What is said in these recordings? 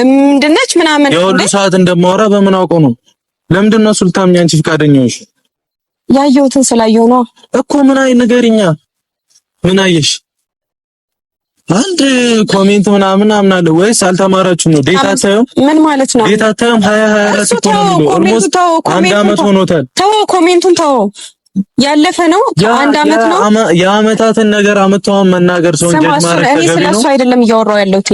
ምንድነች ምናምን የሁሉ ሰዓት እንደማወራ በምን አውቀው ነው? ለምንድን ነው ሱልታም ያንቺ ፍቃደኛሽ? ያየሁትን ስላየሁ ነው እኮ። ምን አይ ንገሪኛ፣ ምን አየሽ? አንድ ኮሜንት ምናምን አምናለሁ ወይስ አልተማራችሁም ነው? ዴታ ታየም ምን ማለት ነው? ዴታ ታየም 2024 እኮ ነው። ኦልሞስት አንድ አመት ሆኖታል። ተው ኮሜንቱን ተው። ያለፈ ነው። አንድ አመት ነው። የአመታትን ነገር አመጣው መናገር ሰው እንጀማረ ከገቢ ነው። ስለሱ አይደለም እያወራው ያለሁት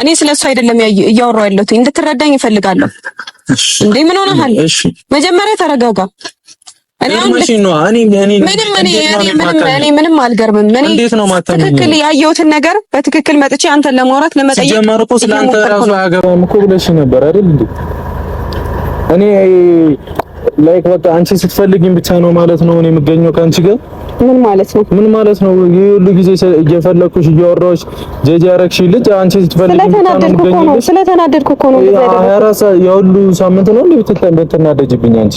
እኔ ስለ እሱ አይደለም እያወራሁ ያለሁት፣ እንድትረዳኝ እፈልጋለሁ። እንዴ ምን ሆነሃል? መጀመሪያ ተረጋጋ። ምንም አልገርምም። ነው ትክክል ያየሁትን ነገር በትክክል መጥቼ አንተን ለማውራት ለመጠየቅ ጀመር እኮ አያገባም እኮ ብለሽ ነበር አይደል እንዴ? እኔ ላይክ በቃ አንቺ ስትፈልጊኝ ብቻ ነው ማለት ነው እኔ የምገኘው ከአንቺ ጋር ምን ማለት ነው? ምን ማለት ነው? ይሄ ሁሉ ጊዜ እየፈለኩሽ እያወራሁሽ ጀጀ ያረግሽኝ ልጅ አንቺ ስትፈልጊ ስለተናደድኩ እኮ ነው። ስለተናደድኩ እኮ ነው። የሁሉ ሳምንት ነው እንዴ ብትናደጅብኝ አንቺ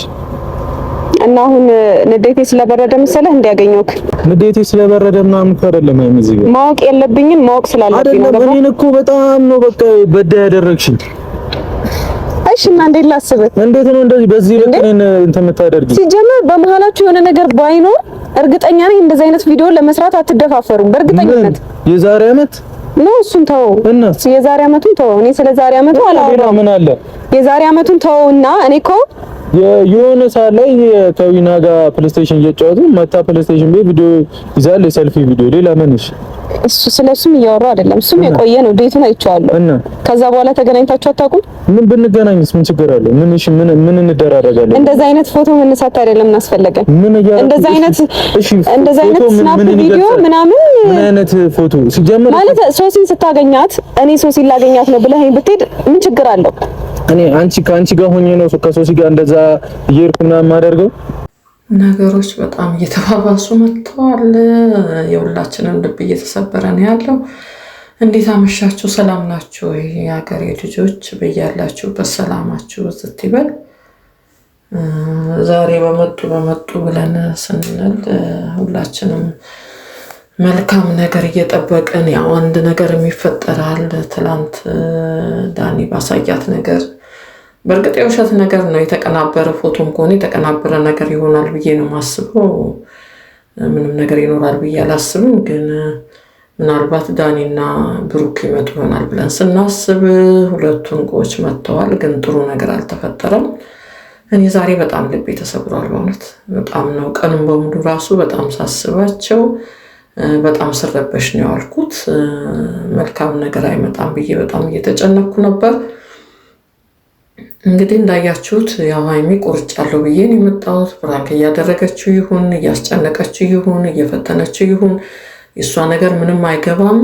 እና አሁን ንዴቴ ስለበረደ መሰለህ እንዲያገኘውክ ንዴቴ ስለበረደ ምናምን እኮ አይደለም። አይምዚህ ማወቅ የለብኝም ማወቅ ስላለብኝ ነው። አይደለም እኔን እኮ በጣም ነው በቃ በዳ ያደረግሽኝ። እሺ እና እንዴት ላስብህ? እንዴት ነው እንደዚህ በዚህ ልክ እኔን እንትን የምታደርጊ? ሲጀመር በመሀላችሁ የሆነ ነገር ባይኖር እርግጠኛ ነኝ እንደዚህ አይነት ቪዲዮ ለመስራት አትደፋፈሩም። በእርግጠኝነት የዛሬ አመት ነው። እሱን እና የዛሬ አመቱን ተወው። እኔ ስለ ዛሬ አመቱ አላወራም። የዛሬ አመቱን ተወውና እኔ እኮ የሆነ ሰዓት ላይ ከዊና ጋር ፕሌይስቴሽን እየጫወቱ መታ ፕሌስቴሽን ቤት ቪዲዮ ይዛል፣ የሰልፊ ቪዲዮ። ሌላ ምንሽ? እሱ ስለሱም እያወራሁ አይደለም። እሱም የቆየ ነው። ቤቱን አይቼዋለሁ እና ከዛ በኋላ ተገናኝታችሁ አታውቁም? ምን ብንገናኝስ ምን ችግር አለ? ምን እሺ፣ ምን ምን እንደራረጋለን? እንደዛ አይነት ፎቶ መነሳት አይደለም እናስፈለገን። ምን ያ እንደዛ አይነት እሺ፣ እንደዛ አይነት ስናፕ ቪዲዮ ምናምን ምን አይነት ፎቶ ሲጀምር ማለት ሶሲን ስታገኛት እኔ ሶሲን ላገኛት ነው ብለህ ብትሄድ ምን ችግር አለው? እኔ አንቺ ከአንቺ ጋር ሆኜ ነው ከሶሲ ጋር እንደዛ እየሄድኩ ምናምን የማደርገው። ነገሮች በጣም እየተባባሱ መጥተዋል። የሁላችንም ልብ እየተሰበረ ነው ያለው። እንዴት አመሻችሁ? ሰላም ናችሁ? የሀገሬ ልጆች በያላችሁበት ሰላማችሁ ብዝት ይበል። ዛሬ በመጡ በመጡ ብለን ስንል ሁላችንም መልካም ነገር እየጠበቅን ያው አንድ ነገር የሚፈጠራል። ትላንት ዳኒ ባሳያት ነገር በእርግጥ የውሸት ነገር ነው። የተቀናበረ ፎቶም ከሆነ የተቀናበረ ነገር ይሆናል ብዬ ነው ማስበው። ምንም ነገር ይኖራል ብዬ አላስብም። ግን ምናልባት ዳኒና ብሩክ ይመጡ ይሆናል ብለን ስናስብ ሁለቱ እንቁዎች መጥተዋል። ግን ጥሩ ነገር አልተፈጠረም። እኔ ዛሬ በጣም ልቤ ተሰብሯል። በእውነት በጣም ነው። ቀኑን በሙሉ ራሱ በጣም ሳስባቸው በጣም ስረበሽ ነው ያልኩት። መልካም ነገር አይመጣም ብዬ በጣም እየተጨነኩ ነበር። እንግዲህ እንዳያችሁት ያው ሀይሚ ቁርጭ ብዬን የመጣሁት ብራንክ እያደረገችው ይሁን እያስጨነቀችው ይሁን እየፈተነችው ይሁን የእሷ ነገር ምንም አይገባም።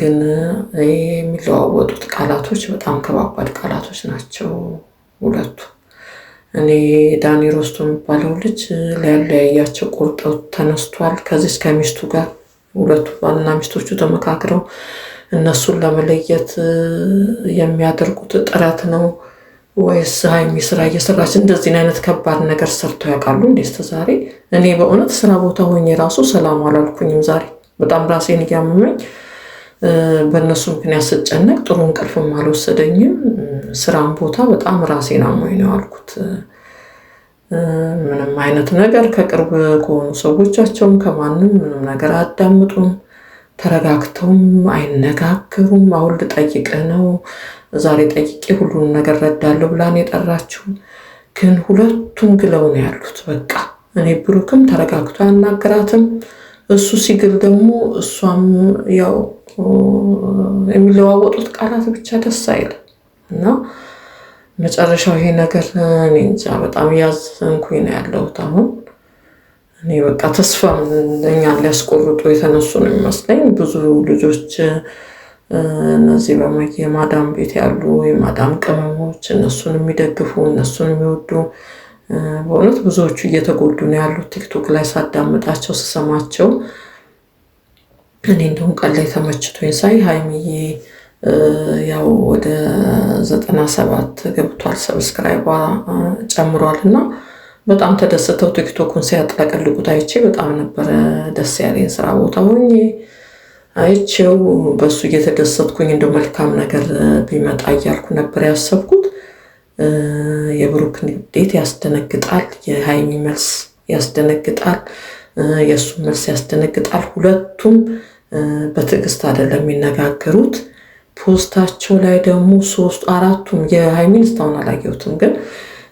ግን የሚለዋወጡት ቃላቶች በጣም ከባባድ ቃላቶች ናቸው ሁለቱ። እኔ ዳኒ ሮስቶ የሚባለው ልጅ ሊያለያያቸው ቆርጠው ተነስቷል። ከዚች ከሚስቱ ጋር ሁለቱ ባልና ሚስቶቹ ተመካክረው እነሱን ለመለየት የሚያደርጉት ጥረት ነው። ወይስ ሀይሚ ስራ እየሰራች እንደዚህን አይነት ከባድ ነገር ሰርተው ያውቃሉ እንዴ? እስከ ዛሬ እኔ በእውነት ስራ ቦታ ሆኜ ራሱ ሰላም አላልኩኝም። ዛሬ በጣም ራሴን እያመመኝ በእነሱ ምክንያት ስጨነቅ ጥሩ እንቅልፍም አልወሰደኝም። ስራም ቦታ በጣም ራሴን አሞኝ ነው ያልኩት። ምንም አይነት ነገር ከቅርብ ከሆኑ ሰዎቻቸውም ከማንም ምንም ነገር አያዳምጡም። ተረጋግተውም አይነጋገሩም። አሁን ጠይቀ ነው ዛሬ ጠይቄ ሁሉን ነገር ረዳለሁ ብላን የጠራችው ግን ሁለቱም ግለው ነው ያሉት። በቃ እኔ ብሩክም ተረጋግቶ አናገራትም እሱ ሲግል ደግሞ እሷም ያው የሚለዋወጡት ቃላት ብቻ ደስ አይልም እና መጨረሻው ይሄ ነገር እኔ እንጃ በጣም ያዘንኩኝ ነው ያለሁት አሁን እኔ በቃ ተስፋ እኛን ሊያስቆርጡ የተነሱ ነው የሚመስለኝ ብዙ ልጆች እነዚህ የማዳም ቤት ያሉ የማዳም ቅመሞች እነሱን የሚደግፉ እነሱን የሚወዱ በእውነት ብዙዎቹ እየተጎዱ ነው ያሉት። ቲክቶክ ላይ ሳዳምጣቸው ስሰማቸው እኔ እንደውም ቀን ላይ ተመችቶኝ ሳይ ሀይሚዬ ያው ወደ ዘጠና ሰባት ገብቷል ሰብስክራይባ ጨምሯል እና በጣም ተደስተው ቲክቶኩን ሲያጥለቀልቁት አይቼ በጣም ነበረ ደስ ያለኝ ስራ ቦታ ሆኜ አይቼው በሱ እየተደሰትኩኝ እንደ መልካም ነገር ቢመጣ እያልኩ ነበር ያሰብኩት። የብሩክ ንዴት ያስደነግጣል። የሀይሚ መልስ ያስደነግጣል። የእሱ መልስ ያስደነግጣል። ሁለቱም በትዕግስት አይደለም የሚነጋገሩት። ፖስታቸው ላይ ደግሞ ሶስቱ አራቱም የሀይሚን እስካሁን አላየሁትም፣ ግን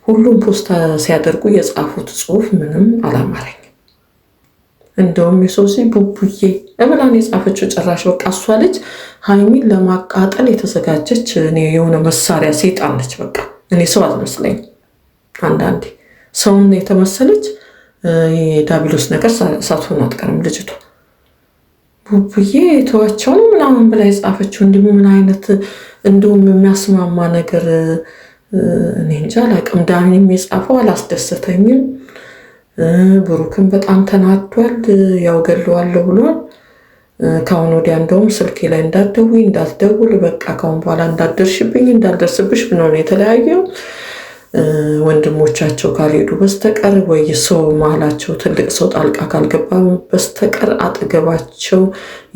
ሁሉም ፖስታ ሲያደርጉ የጻፉት ጽሁፍ ምንም አላማረኝ እንደውም የሶሲ ቡቡዬ እብላን የጻፈችው ጭራሽ በቃ እሷ ልጅ ሀይሚን ለማቃጠል የተዘጋጀች እኔ የሆነ መሳሪያ ሴጣን ነች። በቃ እኔ ሰው አትመስለኝ። አንዳንዴ ሰውን የተመሰለች የዳቢሎስ ነገር ሳትሆን አትቀርም ልጅቷ። ቡቡዬ የተዋቸውን ምናምን ብላ የጻፈችው እንዲህ ምን አይነት እንዲሁም የሚያስማማ ነገር እኔ እንጃ አላውቅም። ዳሚም የጻፈው አላስደሰተኝም። ብሩክን በጣም ተናዷል። ያው ገለዋለሁ ብሏል። ከአሁን ወዲያ እንደውም ስልኬ ላይ እንዳትደውይ እንዳትደውል፣ በቃ ከአሁን በኋላ እንዳትደርሽብኝ እንዳልደርስብሽ ብሎ ነው የተለያየው። ወንድሞቻቸው ካልሄዱ በስተቀር ወይ ሰው መሀላቸው ትልቅ ሰው ጣልቃ ካልገባ በስተቀር አጠገባቸው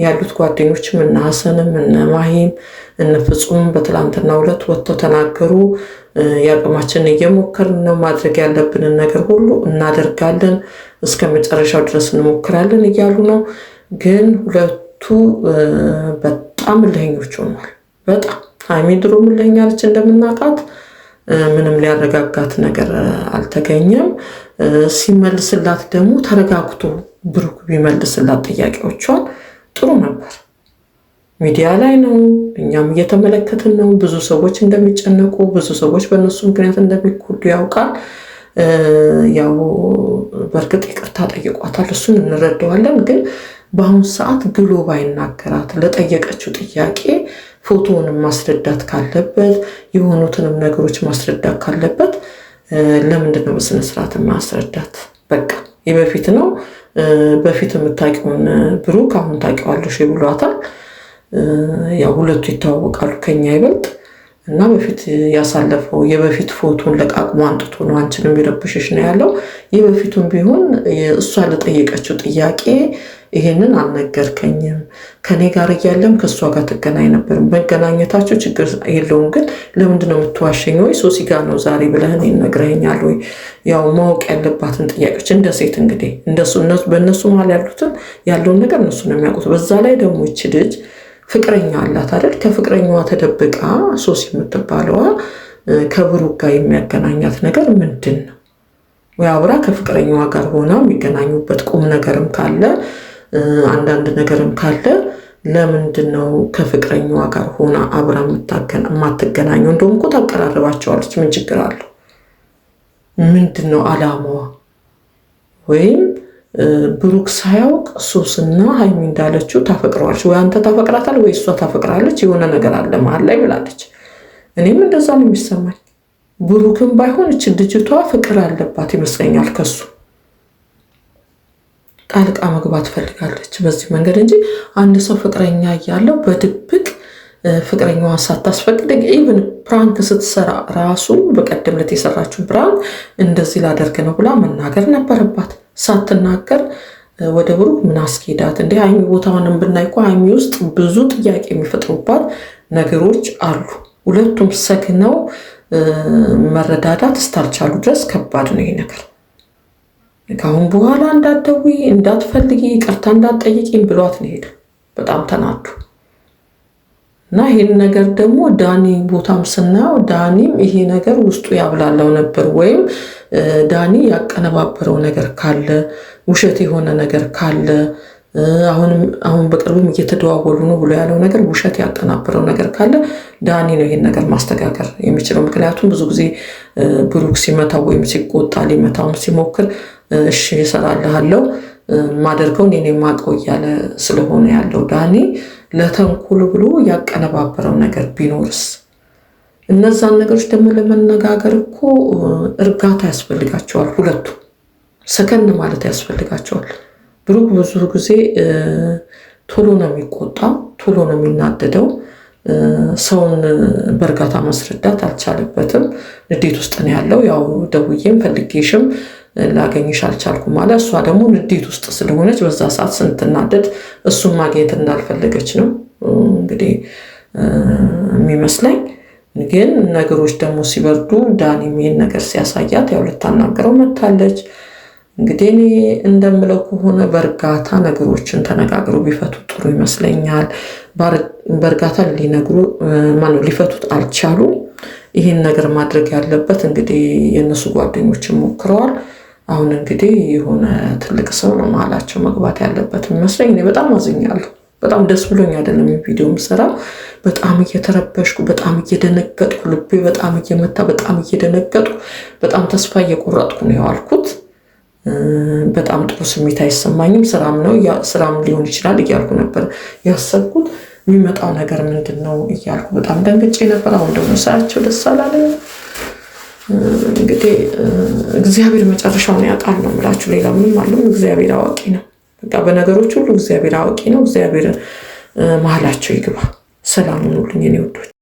ያሉት ጓደኞችም እነ ሀሰንም እነ ማሂም እነ ፍጹም ወጥተው ተናገሩ። የአቅማችንን እየሞከርን ነው። ማድረግ ያለብንን ነገር ሁሉ እናደርጋለን፣ እስከ መጨረሻው ድረስ እንሞክራለን እያሉ ነው። ግን ሁለቱ በጣም እልህኞች ሆኗል። በጣም ሀይሚ ድሮ እንደምናውቃት ምንም ሊያረጋጋት ነገር አልተገኘም። ሲመልስላት ደግሞ ተረጋግቶ ብሩክ ቢመልስላት ጥያቄዎቿን ጥሩ ነበር። ሚዲያ ላይ ነው፣ እኛም እየተመለከትን ነው። ብዙ ሰዎች እንደሚጨነቁ፣ ብዙ ሰዎች በእነሱ ምክንያት እንደሚኩዱ ያውቃል። ያው በእርግጥ ይቅርታ ጠይቋታል፣ እሱን እንረዳዋለን። ግን በአሁኑ ሰዓት ግሎ ባይናገራት ለጠየቀችው ጥያቄ ፎቶውንም ማስረዳት ካለበት የሆኑትንም ነገሮች ማስረዳት ካለበት ለምንድን ነው በስነ ስርዓት ማስረዳት? በቃ የበፊት ነው በፊት የምታውቂውን ብሩክ አሁን ታውቂዋለሽ ብሏታል። ያው ሁለቱ ይተዋወቃሉ ከኛ ይበልጥ እና በፊት ያሳለፈው የበፊት ፎቶን ለቃቅሞ አንጥቶ ነው አንቺንም የረብሽሽ ነው ያለው። የበፊቱም ቢሆን እሷ ለጠየቀችው ጥያቄ ይሄንን አልነገርከኝም፣ ከኔ ጋር እያለም ከእሷ ጋር ትገናኝ ነበር፣ መገናኘታቸው ችግር የለውም፣ ግን ለምንድነው የምትዋሸኝ? ወይ ሶሲ ጋር ነው ዛሬ ብለህን ይነግረኛል ወይ? ያው ማወቅ ያለባትን ጥያቄዎች እንደ ሴት እንግዲህ በእነሱ መሀል ያሉትን ያለውን ነገር እነሱ ነው የሚያውቁት። በዛ ላይ ደግሞ ይች ልጅ ፍቅረኛ አላት አይደል? ከፍቅረኛዋ ተደብቃ ሶሲ የምትባለዋ ከብሩክ ጋር የሚያገናኛት ነገር ምንድን ነው? ወይ አብራ ከፍቅረኛዋ ጋር ሆና የሚገናኙበት ቁም ነገርም ካለ አንዳንድ ነገርም ካለ ለምንድን ነው ከፍቅረኛዋ ጋር ሆና አብራ የማትገናኘው? እንደውም እኮ ታቀራርባቸዋለች። ምን ችግር አለው? ምንድን ነው አላማዋ? ወይም ብሩክ ሳያውቅ ሱስና ሀይሚ እንዳለችው ታፈቅረዋለች ወይ አንተ ታፈቅራታል ወይ እሷ ታፈቅራለች። የሆነ ነገር አለ መሀል ላይ ብላለች። እኔም እንደዛ ነው የሚሰማኝ። ብሩክም ባይሆን እች ልጅቷ ፍቅር አለባት ይመስለኛል ከሱ ጣልቃ መግባት ፈልጋለች በዚህ መንገድ እንጂ አንድ ሰው ፍቅረኛ እያለው በድብቅ ፍቅረኛዋን ሳታስፈቅድ ኢቨን ፕራንክ ስትሰራ ራሱ በቀደም ዕለት የሰራችው ፕራንክ እንደዚህ ላደርግ ነው ብላ መናገር ነበረባት። ሳትናገር ወደ ብሩ ምን አስኬዳት? እንዲህ ሀይሚ ቦታውንም ብናይ እኮ ሀይሚ ውስጥ ብዙ ጥያቄ የሚፈጥሩባት ነገሮች አሉ። ሁለቱም ሰግነው መረዳዳት እስካልቻሉ ድረስ ከባድ ነው ይሄ ነገር። ከአሁን በኋላ እንዳትደውይ፣ እንዳትፈልጊ፣ ይቅርታ እንዳትጠይቂኝ ብሏት ነው ሄደ። በጣም ተናዱ እና ይህን ነገር ደግሞ ዳኒ ቦታም ስናየው ዳኒም ይሄ ነገር ውስጡ ያብላለው ነበር፣ ወይም ዳኒ ያቀነባበረው ነገር ካለ ውሸት የሆነ ነገር ካለ አሁንም አሁን በቅርብም እየተደዋወሉ ነው ብሎ ያለው ነገር ውሸት ያቀናበረው ነገር ካለ ዳኒ ነው ይሄን ነገር ማስተጋገር የሚችለው። ምክንያቱም ብዙ ጊዜ ብሩክ ሲመታው ወይም ሲቆጣ ሊመታውም ሲሞክር እሺ እሰራልሃለሁ ማደርገው እኔ ማቀው እያለ ስለሆነ ያለው ዳኒ ለተንኮል ብሎ ያቀነባበረው ነገር ቢኖርስ? እነዛን ነገሮች ደግሞ ለመነጋገር እኮ እርጋታ ያስፈልጋቸዋል። ሁለቱ ሰከን ማለት ያስፈልጋቸዋል። ብሩክ ብዙ ጊዜ ቶሎ ነው የሚቆጣው፣ ቶሎ ነው የሚናደደው። ሰውን በእርጋታ ማስረዳት አልቻለበትም። ንዴት ውስጥ ነው ያለው። ያው ደውዬም ፈልጌሽም ላገኝሽ አልቻልኩም ማለት እሷ ደግሞ ንዴት ውስጥ ስለሆነች በዛ ሰዓት ስንትናደድ እሱን ማግኘት እንዳልፈለገች ነው እንግዲህ የሚመስለኝ። ግን ነገሮች ደግሞ ሲበርዱ ዳኒም ይህን ነገር ሲያሳያት ያው ልታናገረው መታለች። እንግዲህ እኔ እንደምለው ከሆነ በእርጋታ ነገሮችን ተነጋግረው ቢፈቱ ጥሩ ይመስለኛል። በእርጋታ ሊነግሩ ማነው ሊፈቱት አልቻሉም። ይህን ነገር ማድረግ ያለበት እንግዲህ የእነሱ ጓደኞችን ሞክረዋል። አሁን እንግዲህ የሆነ ትልቅ ሰው ነው መሀላቸው መግባት ያለበት የሚመስለኝ። እኔ በጣም አዝኛለሁ። በጣም ደስ ብሎኝ አይደለም ቪዲዮ ምሰራ። በጣም እየተረበሽኩ፣ በጣም እየደነገጥኩ፣ ልቤ በጣም እየመታ፣ በጣም እየደነገጥኩ፣ በጣም ተስፋ እየቆረጥኩ ነው የዋልኩት። በጣም ጥሩ ስሜት አይሰማኝም። ስራም ነው ስራም ሊሆን ይችላል እያልኩ ነበር ያሰብኩት። የሚመጣው ነገር ምንድን ነው እያልኩ በጣም ደንግጬ ነበር። አሁን ደግሞ ስራቸው ደስ አላለኝም። እንግዲህ እግዚአብሔር መጨረሻውን ያውቃል ነው የምላችሁ። ሌላ ምንም አለም። እግዚአብሔር አዋቂ ነው። በቃ በነገሮች ሁሉ እግዚአብሔር አዋቂ ነው። እግዚአብሔር መሀላቸው ይግባ። ሰላም ሁኑልኝ እኔ ወዶች